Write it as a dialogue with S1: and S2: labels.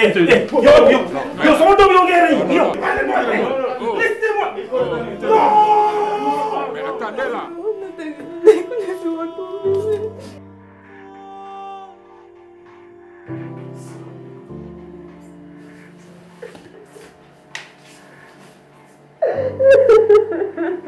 S1: Esto,
S2: yo,
S3: yo, yo,
S4: yo son doble
S2: guerra. Yo,
S3: laissez-moi. Non. Mais attendez là.
S5: Ha ha ha ha.